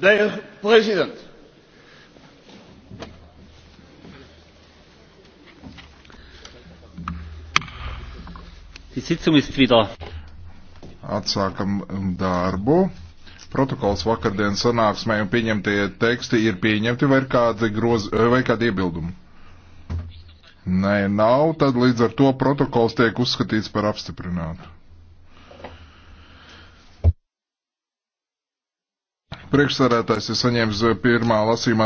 Dear President, Die Sitzung ist wieder. Atsākam darbu. Protokols vakardienas sanāksmē un pieņemtie teksti ir pieņemti vai ir kādi, groz, vai kādi iebildumi? Nē, nav, tad līdz ar to protokols tiek uzskatīts par apstiprinātu. priekšsarētājs ir saņēmis eh, pirmā lasīmā